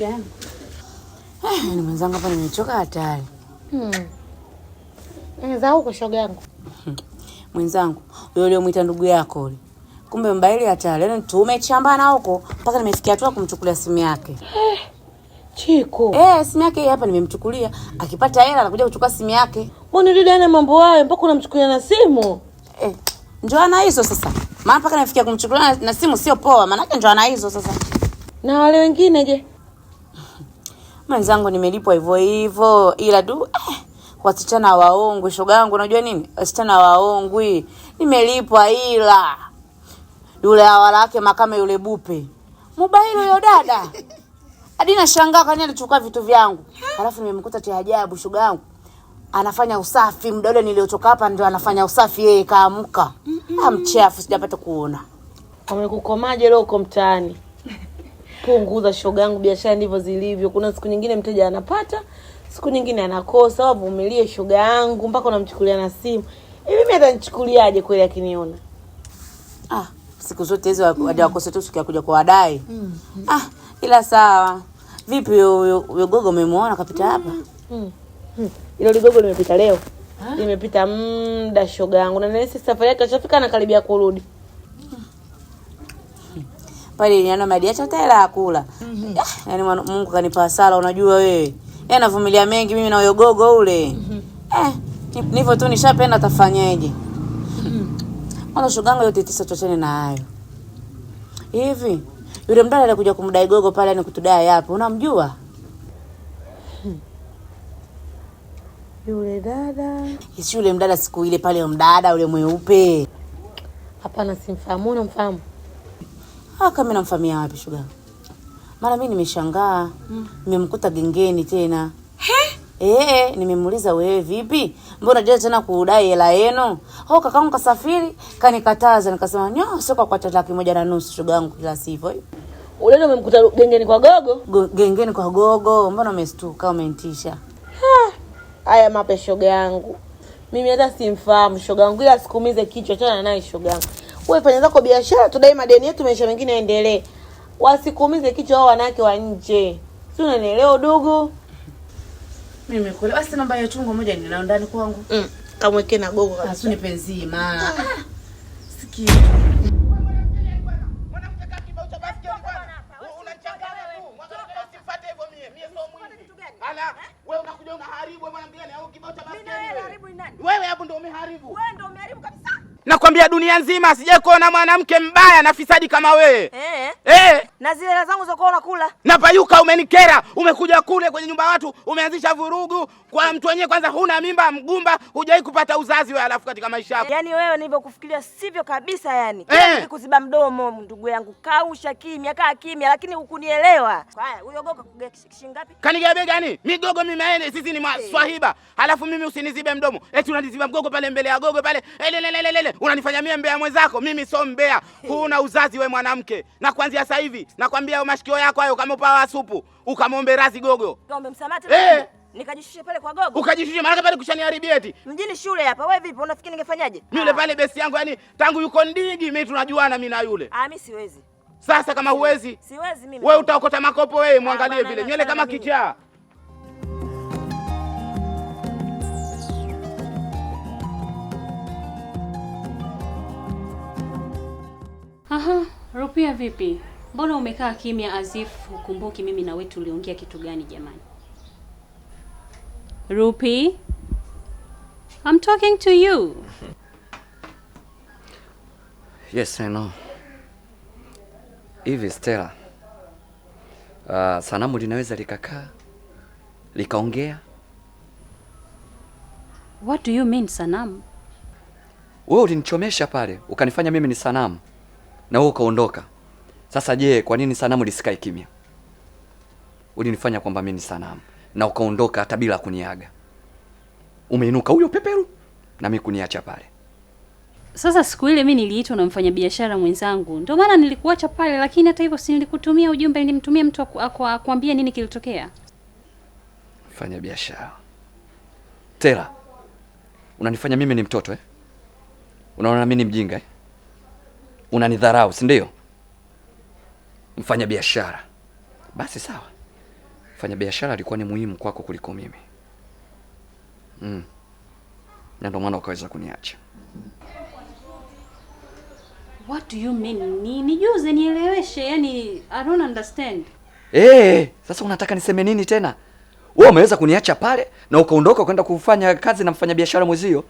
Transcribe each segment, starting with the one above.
gani? Ah, yaani mwenzangu hapa, nimechoka hatari. Mwenzangu hmm. yaani huko, shoga yangu, hmm. mwenzangu huyo uliomwita ndugu yako ule, kumbe mbaili hatari. Yaani tumechambana huko mpaka nimefikia hatua kumchukulia simu yake eh, Chiko. Eh, simu yake hapa nimemchukulia. Akipata hela anakuja kuchukua simu yake. Mbona dada ana mambo hayo mpaka unamchukulia na simu? Eh. Ndio ana hizo sasa. Maana mpaka nafikia kumchukulia na simu sio poa, maana yake ndio ana hizo sasa. Na wale wengine je? mwenzangu, nimelipwa hivyo hivyo, ila tu eh, wasichana waongwi. Shoga yangu, unajua nini, wasichana waongwi, nimelipwa ila yule hawala yake makame yule bupe mubaili huyo dada hadi nashangaa kwani alichukua vitu vyangu, alafu nimemkuta tia ajabu. Shoga yangu anafanya usafi muda ule niliotoka hapa, ndio anafanya usafi yeye, kaamka. mm Amchafu, ah, sijapata kuona amekukomaje leo uko mtaani punguza shoga yangu, biashara ndivyo zilivyo. Kuna siku nyingine mteja anapata, siku nyingine anakosa. Wavumilie shoga yangu, mpaka unamchukulia na simu hivi. Eh, mimi atanichukuliaje kweli akiniona? Ah, siku zote hizo wadai wakose tu siku ya kuja kwa wadai. mm. Ah, ila sawa. Vipi huyo gogo umemwona kapita hapa? mm. mm. Ilo ligogo limepita leo, ah. limepita muda shoga yangu, na nani safari yake ashafika, anakaribia kurudi pale yana madiacha tela ya kula. Mm -hmm. Yaani Mungu kanipa sala unajua wewe. Yeye anavumilia mengi mimi na uyogogo ule. Mm -hmm. Eh, nivyo tu nishapenda tafanyaje? Mm -hmm. Mwana yote tisa tuachane na hayo. Hivi yule mdada alikuja kumdai gogo pale ni kutudai hapo. Unamjua? Mhm. Yule dada. Isi yule mdada siku ile pale mdada yule mweupe. Hapana, simfahamu, unamfahamu? Aka ah, mimi namfamia wapi shuga? Mara mimi nimeshangaa. Mm. Nimemkuta mm. gengeni tena. He? Eh, nimemuuliza wewe vipi? Mbona jana tena kudai hela yenu? Au oh, kakangu kasafiri, kanikataza nikasema, "Nyo, sio kwa kwa laki moja na nusu shuga yangu kila sivyo." Ule ndio umemkuta gengeni kwa gogo? gengeni kwa gogo. Mbona umestuka umenitisha? Haya mape shoga yangu. Mimi hata simfahamu shoga yangu, ila sikumize kichwa, achana naye shoga yangu wewe fanya zako biashara, tudai madeni yetu, maisha mengine yaendelee. Wasikuumize kichwa wao wanawake wa nje, si unanielewa dugu? Mimi kule basi, namba ya chungu moja ni ninao ndani kwangu mm. Kamweke na gogo kabisa, asunipenzi ah, ma sikia wewe hapo ndio umeharibu. Wewe ndio umeharibu kabisa. Nakwambia dunia nzima kuona mwanamke mbaya na fisadi kama wewe. Eh. Eh na zile hela zangu zokuwa unakula. Napayuka, umenikera. Umekuja kule kwenye nyumba watu umeanzisha vurugu kwa mtu wenyewe. Kwanza huna mimba, mgumba, hujai kupata uzazi wewe, alafu katika maisha yako. Yaani wewe nilivyokufikiria sivyo kabisa, yani eh. Yaani kuziba mdomo ndugu yangu, kausha kimya, kaa kimya, lakini hukunielewa. Haya, uyogoka gogo kishingapi? bega gani? Migogo mimi maene, sisi ni eh. maswahiba. Alafu mimi usinizibe mdomo. Eti unaniziba mgogo pale mbele ya gogo pale. Elelelele, eh, unanifanya mimi mbea mwenzako. Mimi so mbea. Eh. Huna uzazi we mwanamke. Na kuanzia sasa hivi Nakwambia mashikio yako hayo, kama upawa supu ukamombe razi gogo msamati eh. Nikajishushe pale kwa gogo. Ukajishushe maana pale kushaniharibia eti. Mjini shule hapa. Wewe vipi? Unafikiri ningefanyaje? Mimi Yule ah. pale besi yangu yani tangu yuko ndigi mimi tunajuana mimi na yule. Ah, mimi siwezi. Sasa kama huwezi? Siwezi mimi. Wewe utaokota makopo wewe ah, mwangalie vile. Nywele kama kichaa. Aha, Rupia vipi? Mbona umekaa kimya Azif, ukumbuki mimi na wewe tuliongea kitu gani jamani? Rupi, I'm talking to you. Yes, I know. Hivi Stella, uh, sanamu linaweza likakaa likaongea? What do you mean sanamu? Wewe ulinichomesha pale ukanifanya mimi ni sanamu na wewe ukaondoka. Sasa je, kwa nini sanamu lisikae kimya? Ulinifanya kwamba mimi ni sanamu na ukaondoka hata bila kuniaga. Umeinuka huyo peperu na mimi kuniacha pale. Sasa siku ile mimi niliitwa na mfanyabiashara mwenzangu, ndio maana nilikuacha pale, lakini hata hivyo si nilikutumia ujumbe, nilimtumia mtu akwambie nini kilitokea. Mfanya tela, unanifanya mimi ni mtoto eh? Unaona mimi ni mjinga eh? Unanidharau si ndio? mfanya biashara, basi sawa, mfanya biashara alikuwa ni muhimu kwako kuliko mimi mm. na ndio maana ukaweza kuniacha. What do you mean? Ni nijuze nieleweshe, yani I don't understand. Eh, sasa unataka niseme nini tena? Wewe umeweza kuniacha pale na ukaondoka kwenda kufanya kazi na mfanyabiashara mwezio.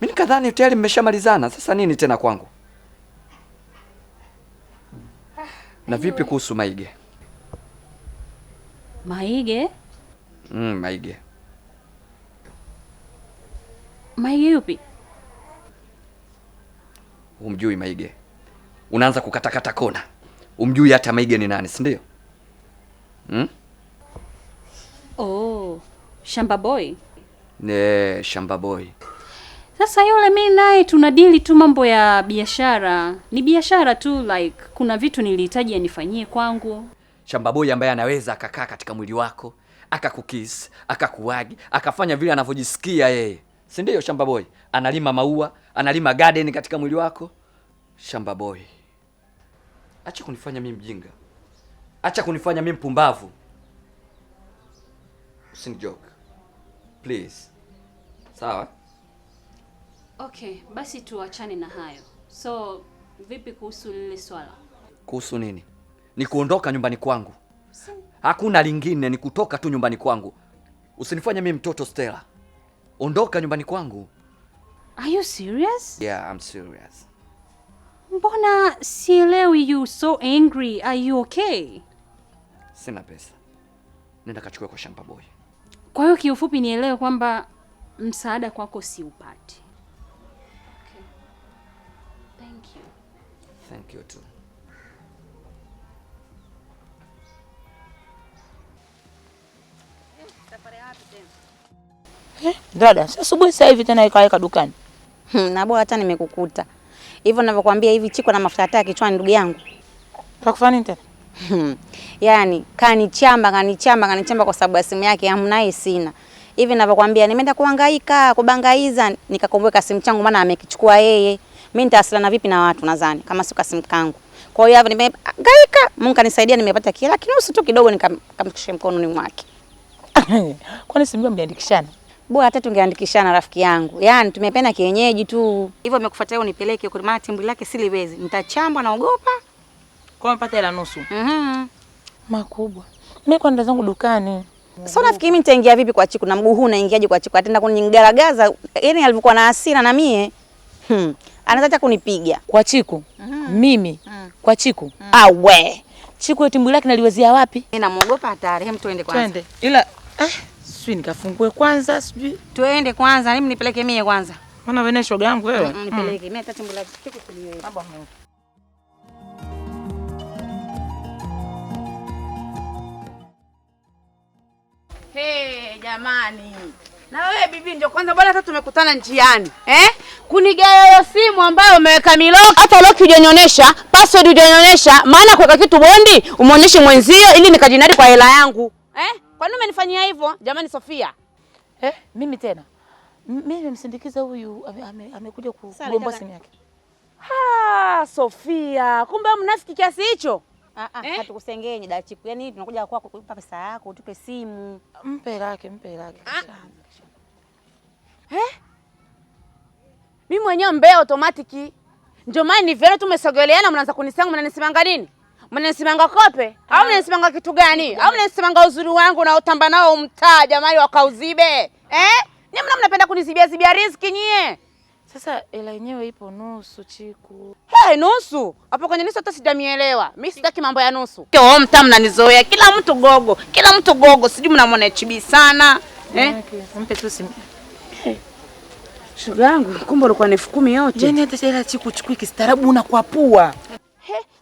Mimi nikadhani tayari mmeshamalizana. Sasa nini tena kwangu? Na vipi kuhusu Maige? Maige? Mm, Maige. Maige yupi? Umjui Maige? Unaanza kukatakata kona. Umjui hata Maige ni nani, si ndio? Mm? Oh, Shamba Boy. Ne, Shamba Boy. Sasa yule mi naye tunadili tu mambo ya biashara, ni biashara tu, like kuna vitu nilihitaji anifanyie kwangu. Shambaboi ambaye anaweza akakaa katika mwili wako akakukis akakuwagi akafanya vile anavyojisikia yeye, si ndio? Shambaboi analima maua, analima garden katika mwili wako. Shambaboi, acha kunifanya mi mjinga, acha kunifanya mi mpumbavu. Usinijoke please, sawa? Okay, basi tuachane na hayo. So vipi kuhusu lile swala? Kuhusu nini? Ni kuondoka nyumbani kwangu. Hakuna lingine, ni kutoka tu nyumbani kwangu. Usinifanye mimi mtoto, Stella. Ondoka nyumbani kwangu. Are you serious? Yeah, I'm serious. Mbona sielewi, you so angry. Are you okay? Sina pesa. Nenda kachukua kwa shamba boy. Kwa hiyo kiufupi nielewe kwamba msaada kwako siupati. Thank you too. Eh, dada, si asubuhi sasa hivi tena ikaweka dukani hmm, na bora hata nimekukuta hivyo ninavyokuambia hivi, chiko na mafuta taa kichwani, ndugu yangu. Takufanya nini tena? Hmm, yaani kanichamba kanichamba kanichamba kwa sababu ya simu yake amnaye sina hivi ninavyokuambia, nimeenda kuhangaika kubangaiza, nikakumbuka simu changu, maana amekichukua yeye. Mimi nitawasiliana vipi na watu nadhani kama sio kasimu kangu. Kwa hiyo hapo nimegaika, Mungu kanisaidia nimepata kila kinusu tu kidogo mkono ni mwake. Kwa nini simjua mliandikishana? Bwa hata tungeandikishana rafiki yangu. Yaani tumependa kienyeji tu. Hivyo nimekufuatia unipeleke kwa maana timbuli lake siliwezi. Nitachambwa naogopa. Kwa mpata hela nusu. Mhm. Mm Makubwa. Mimi kwenda zangu dukani. Sasa nafikiri mimi nitaingia vipi kwa Chiku na mguu huu naingiaje kwa Chiku? Atenda kunigaragaza. Yaani alivyokuwa na hasira na mie. Hmm. anataka kunipiga kwa Chiku. mm -hmm. Mimi mm -hmm. kwa Chiku mm -hmm. awe Chiku eti mwili kinaliwezea wapi? Namuogopa hatari. Hem, tuende kwanza. Twende. Ila eh, sijui nikafungue kwanza sijui. Twende kwanza, mimi nipeleke mie kwanza. Mbona wewe shoga yangu wewe. Mm, Nipeleke mimi hata tumbo la Chiku kuliwe. Baba Mungu. Hey, jamani. Na wewe bibi, ndio kwanza bwana, hata tumekutana njiani eh? Kunigea hiyo simu ambayo umeweka miloki, hata lock hujanionyesha, password hujanionyesha. Maana kuweka kitu bondi umeonyeshe mwenzio, ili nikajinadi kwa hela yangu eh? Kwa nini umenifanyia hivyo jamani, Sofia eh? Mimi tena mimi nimemsindikiza huyu, amekuja ame, ame kugomba simu yake. Ha, Sofia, kumbe mnafiki kiasi hicho? Ah, ah Eh? Hatukusengenye dada chiku, yaani tunakuja kwako kukupa pesa yako, utupe simu. Mpe lake, mpe lake. Ah. Eh? Mimi mwenyewe mbea automatic. Ndio maana ni vile tumesogeleana mnaanza kunisanga mnanisimanga nini? Mnanisimanga kope? Au ah. mnanisimanga kitu gani? Au mnanisimanga uzuri wangu na utamba nao mtaa jamani wa Kauzibe? Eh? Ni mna mnapenda kunizibia zibia riziki nyie. Sasa hela yenyewe ipo nusu Chiku. Hey, nusu? Hapo kwenye nusu hata sijamielewa. Mimi sitaki mambo ya nusu. Kwa oh, mtaa mnanizoea kila mtu gogo, kila mtu gogo, sijui mnamwona HB sana. Eh? Mpe tu simu. Shughuli yangu kumbe ulikuwa na elfu kumi yote. Yaani hata hela sikuchukui kistaarabu unakwapua.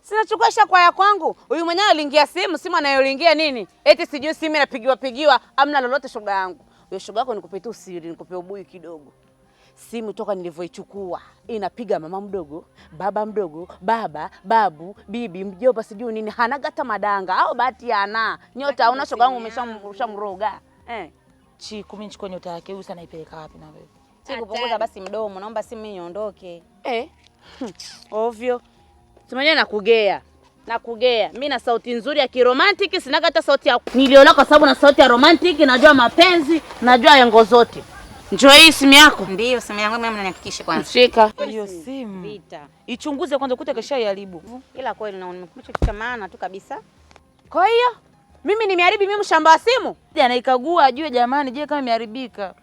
Sinachukua sha kwa ya kwangu. Huyu mwenyewe aliingia simu, simu anayoingia nini? Eti sijui simu inapigiwa pigiwa, amna lolote shoga yangu. Huyo shoga yako nikupe tu siri, nikupe ubui kidogo. Simu toka nilivyoichukua inapiga mama mdogo, baba mdogo, baba, babu, bibi, mjomba, sijui nini, hanagata madanga. Au bahati ana nyota, una shoga yangu umeshamroga. Eh. Chiku, mimi nichukue nyota yake huyu sana, naipeleka wapi na wewe? Si kupunguza basi mdomo, naomba simu niondoke. Eh. Hmm. Ovyo. Simanya Na kugea. Mimi na sauti nzuri ya kiromantic, sina hata sauti ya niliola kwa sababu na sauti ya romantic, najua mapenzi, najua yango zote. Njoo hii simu yako. Ndio simu yangu mimi, mnanihakikishe kwanza. Shika. Hiyo simu. Vita. Ichunguze kwanza ukute kesha iharibu. Ila kweli na nimekucha kitu cha maana tu kabisa. Kwa hiyo mimi nimeharibi mimi mshamba wa simu? Anaikagua ajue jamani, je kama imeharibika.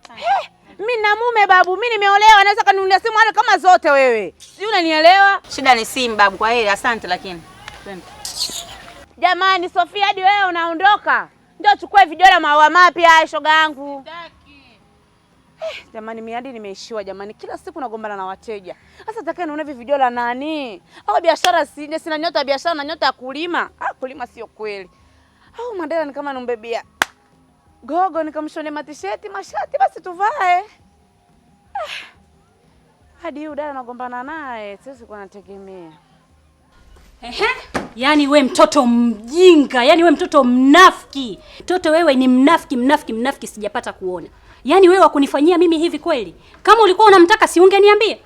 Mimi na mume babu, mimi nimeolewa, naweza kanunulia simu hata kama zote wewe. si unanielewa? Shida ni simu babu, kwa heri asante lakini. Twende. Jamani Sofia, hadi wewe unaondoka. Ndio chukue vidole maua mapya shoga yangu. Eh, jamani miadi nimeishiwa jamani, kila siku nagombana na wateja. Sasa takae naona hivi video la nani? Au biashara si sina nyota biashara na nyota ya kulima. Ah, kulima sio kweli au oh, Mandela ni kama numbebia gogo, nikamshone matisheti mashati, basi tuvae ah. Hadi dada nagombana naye, siwezi kuwa nategemea. Ehe, yani we mtoto mjinga, yani we mtoto mnafiki, mtoto wewe ni mnafiki, mnafiki, mnafiki, sijapata kuona. yani wewe wakunifanyia mimi hivi kweli? Kama ulikuwa unamtaka si ungeniambia,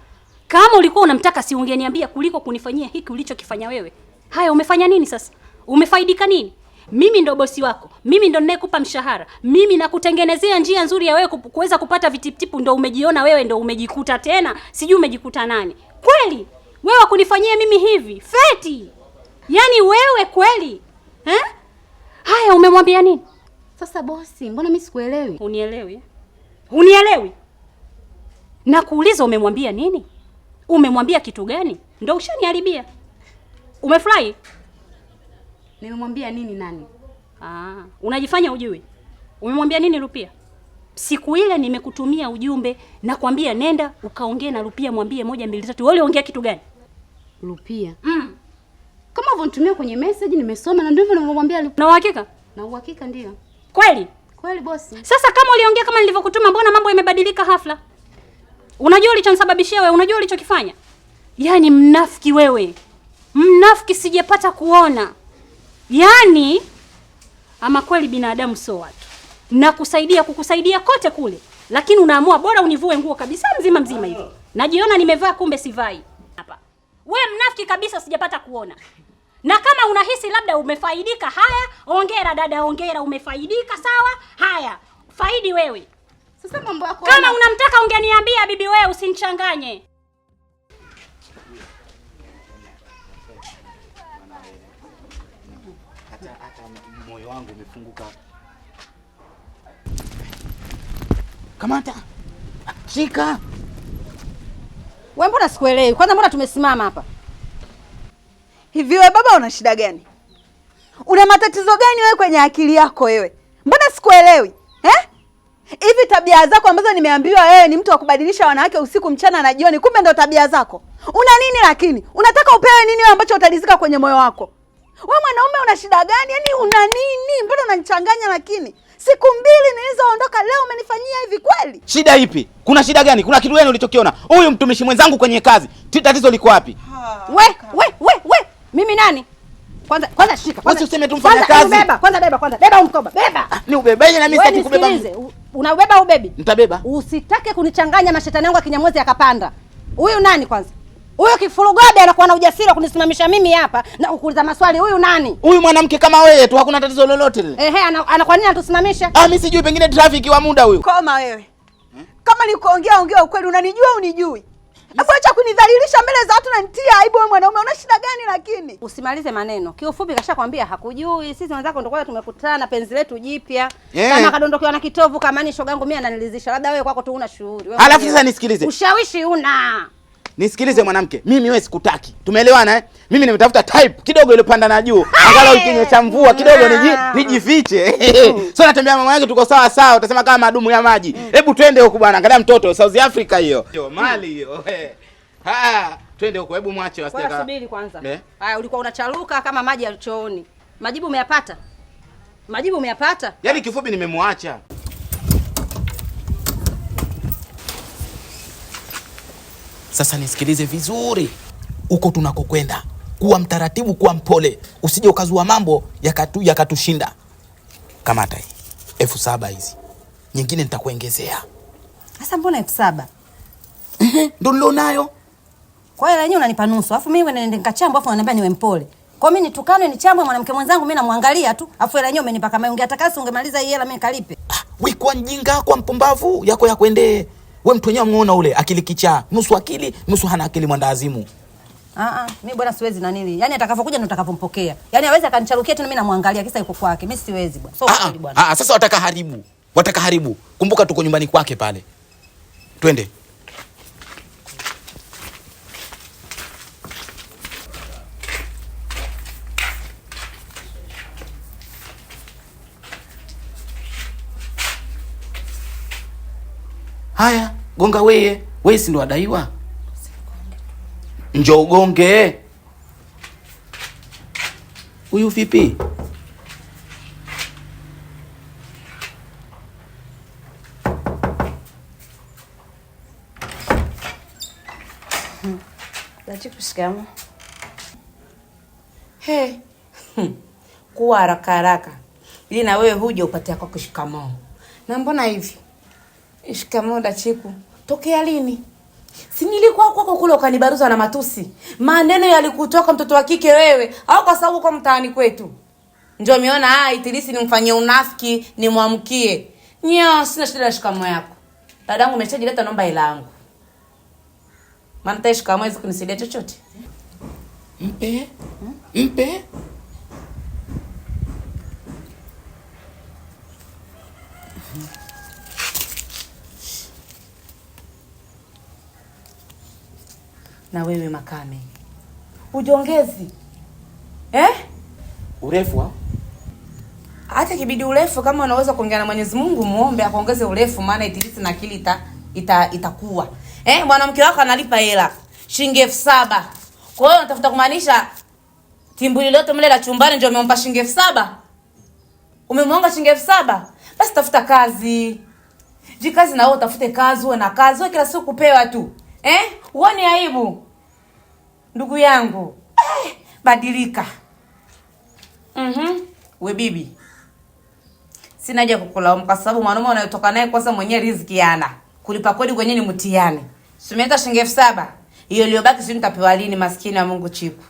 kama ulikuwa unamtaka si ungeniambia, kuliko kunifanyia hiki ulichokifanya wewe. Haya, umefanya nini sasa? Umefaidika nini? Mimi ndo bosi wako, mimi ndo ninayekupa mshahara, mimi nakutengenezea njia nzuri ya wewe kuweza kupata vitiptipu, ndo umejiona wewe, ndo umejikuta tena, sijui umejikuta nani. Kweli wewe wakunifanyia mimi hivi feti? Yaani wewe kweli eh? Haya, umemwambia nini sasa bosi? Mbona mimi sikuelewi? Unielewi? Unielewi? Nakuuliza, umemwambia nini? Umemwambia kitu gani? Ndio ushaniharibia. Umefurahi? Nimemwambia nini nani? Ah, unajifanya ujui. Umemwambia nini Rupia? Siku ile nimekutumia ujumbe na kwambia nenda ukaongee na Rupia, mwambie moja mbili tatu. Wewe uliongea kitu gani? Rupia. Mm. Kama ulivyonitumia kwenye message nimesoma na ndivyo nilivyomwambia Rupia. Na uhakika? Na uhakika ndio. Kweli? Kweli bosi. Sasa kama uliongea kama nilivyokutuma, mbona mambo yamebadilika hafla? Unajua ulichonisababishia wewe, unajua ulichokifanya? Yaani mnafiki wewe. Mnafiki sijapata kuona. Yaani ama kweli binadamu sio watu. Nakusaidia kukusaidia kote kule, lakini unaamua bora univue nguo kabisa mzima mzima hivi. Najiona nimevaa kumbe sivai. Hapa. We mnafiki kabisa sijapata kuona. Na kama unahisi labda umefaidika, haya, ongera dada, ongera umefaidika sawa? Haya, faidi wewe. Sasa mambo yako. Kama unamtaka ungeniambia bibi wewe, usinichanganye. moyo wangu umefunguka. Kamata, shika. Wewe mbona sikuelewi? Kwanza mbona tumesimama hapa hivi? Wewe baba, una shida gani? Una matatizo gani wewe kwenye akili yako wewe? Mbona sikuelewi eh? Hivi tabia zako ambazo nimeambiwa wewe ni mtu wa kubadilisha wanawake usiku mchana na jioni, kumbe ndo tabia zako. Una nini lakini? Unataka upewe nini wewe ambacho utalizika kwenye moyo wako? We mwanaume una shida gani? Yaani una nini mbona unanichanganya? Lakini siku mbili nilizoondoka leo umenifanyia hivi kweli? Shida ipi? Kuna shida gani? Kuna kitu gani ulichokiona? Huyu mtumishi mwenzangu kwenye kazi, tatizo liko wapi? We, we, we, we, mimi nani? Kwanza kwanza shika. Kwanza useme mfanye kazi. Beba, kwanza beba kwanza. Beba umkoba. Beba. Ah, ni ubebeje na mimi sitaki kubeba. Unabeba ubebi? Nitabeba. Usitake kunichanganya mashetani yangu ya Kinyamwezi yakapanda. Huyu nani kwanza? Huyo kifurugode anakuwa na ujasiri wa kunisimamisha mimi hapa na kukuuliza maswali, huyu nani? Huyu mwanamke kama wewe tu, hakuna tatizo lolote lile. Ehe, anakuwa nini anatusimamisha? Ah, mimi sijui, pengine traffic wa muda huyu. Koma wewe, hmm? Kama nikuongea ongea ukweli, unanijua unijui? Hebu acha kunidhalilisha mbele za watu na nitia aibu. Wewe mwanaume una shida gani? Lakini usimalize maneno, kiufupi kashakwambia hakujui. Sisi wenzako ndio kwanza tumekutana penzi letu jipya, yeah. Kama kadondokewa na kitovu kama ni shogangu mimi ananilizisha, labda wewe kwako tu una shughuli. Alafu sasa nisikilize, ushawishi una Nisikilize mwanamke, mimi wewe sikutaki. Tumeelewana eh? Mimi nimetafuta type kidogo ile panda na juu. Angalau ikinyesha mvua kidogo niji nijifiche. So natembea mama yake tuko sawa sawa, utasema kama madumu ya maji. Mm. Hebu twende huko bwana, angalia mtoto South Africa hiyo. Yo, Mali hiyo. Mm. Ha, ah, twende huko. Hebu mwache wasitaka. Kwa subiri kwanza. Eh? Haya, yeah. ulikuwa unacharuka kama maji ya chooni. Majibu umeyapata? Majibu umeyapata? Yaani kifupi nimemwacha. Sasa nisikilize vizuri, huko tunakokwenda, kuwa mtaratibu, kuwa mpole, usije ukazua mambo yakatushinda. Yakatu kamata hii elfu saba hizi nyingine nitakuengezea. Sasa mbona elfu saba ndo nilonayo? Kwa hiyo lenyewe unanipa nusu, alafu mimi nende nikachambwa, afu unaniambia niwe mpole. Kwa mimi nitukane nichambwe mwanamke mwenzangu, mimi namwangalia tu, alafu lenyewe umenipa. Kama ungeataka ungemaliza hii hela mimi kalipe. Ah, wewe kwa mjinga, kwa mpumbavu yako yakwende We mtu wenyewe amuona ule akili kichaa, nusu akili nusu hana akili, mwandaazimu. Ah, ah, mi bwana siwezi na nini. Yaani atakavokuja atakapokuja ndo nitakapompokea. Yaani hawezi akanicharukia tu mi namwangalia kisa iko kwake. mi siwezi bwana. Ah, sasa wataka haribu. Wataka haribu. Kumbuka tuko nyumbani kwake pale. Twende. Haya gonga weye, weye si ndo njo ugonge huyu vipi? Kushikamo he hmm. kuwa haraka haraka, ili na wewe huja upatia kwa kushikamoo. Na mbona hivi Shikamoo Dachiku. Tokea lini? Si nilikuwa kwako kule ukanibaruza na matusi. Maneno yalikutoka mtoto wa kike wewe, au kwa sababu uko mtaani kwetu. Ndio umeona ah, itilisi nimfanyie unafiki, nimwamkie. Nyo, sina shida na shikamoo yako. Dadangu umeshajileta nomba hela yangu. Maana tayari shikamoo hizo kunisaidia chochote. Mpe? Mpe? na wewe Makame. Ujongezi eh? Urefu hata kibidi urefu, kama unaweza kuongea na Mwenyezi Mungu muombe akuongeze urefu, maana itilisi na akili ita, ita, itakuwa eh, mwanamke wako analipa hela shilingi elfu saba. Kwa hiyo unatafuta kumaanisha timbuli lote mle la chumbani ndio umeomba shilingi elfu saba? Umemwonga shilingi elfu saba? Basi tafuta kazi. Jikazi na wewe utafute kazi, uwe na kazi, wewe kila siku kupewa tu. Eh? Uone aibu ndugu yangu eh, badilika. mm-hmm. We bibi, sina haja kukulaumu kwa sababu mwanaume unayotoka naye kwanza mwenyewe riziki yana kulipa kodi kwenye ni mtihani. Simeleta shilingi elfu saba hiyo iliyobaki sijui nitapewa lini. Maskini wa Mungu chipu,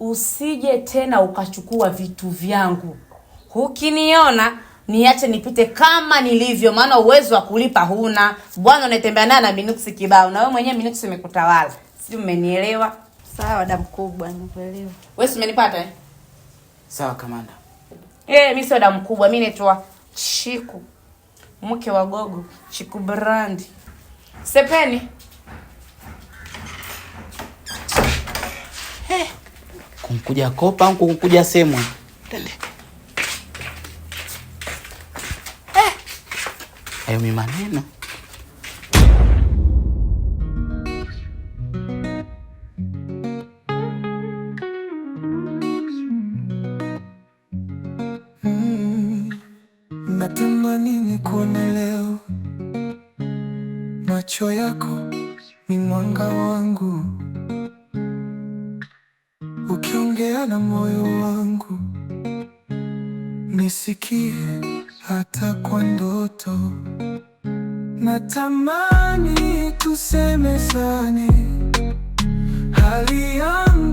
usije tena ukachukua vitu vyangu. Ukiniona niache nipite kama nilivyo, maana uwezo wa kulipa huna. Bwana unatembea naye na minuksi kibao, na wewe mwenyewe minuksi imekutawala. Sijui mmenielewa? Sawa da mkubwa, nikuelewa. Wewe si umenipata eh? Sawa kamanda. Eh, mimi sio damu kubwa, mimi naitwa Chiku. Mke wa gogo, Chiku brandi. Sepeni. Hey. Eh. Kunkuja kopa au kunkuja semwa? Tende. Hey. Eh. Hayo mimi maneno. Natamani nikuone leo, macho yako ni mwanga wangu, ukiongea na moyo wangu, nisikie hata kwa ndoto. Natamani tuseme sane hali yangu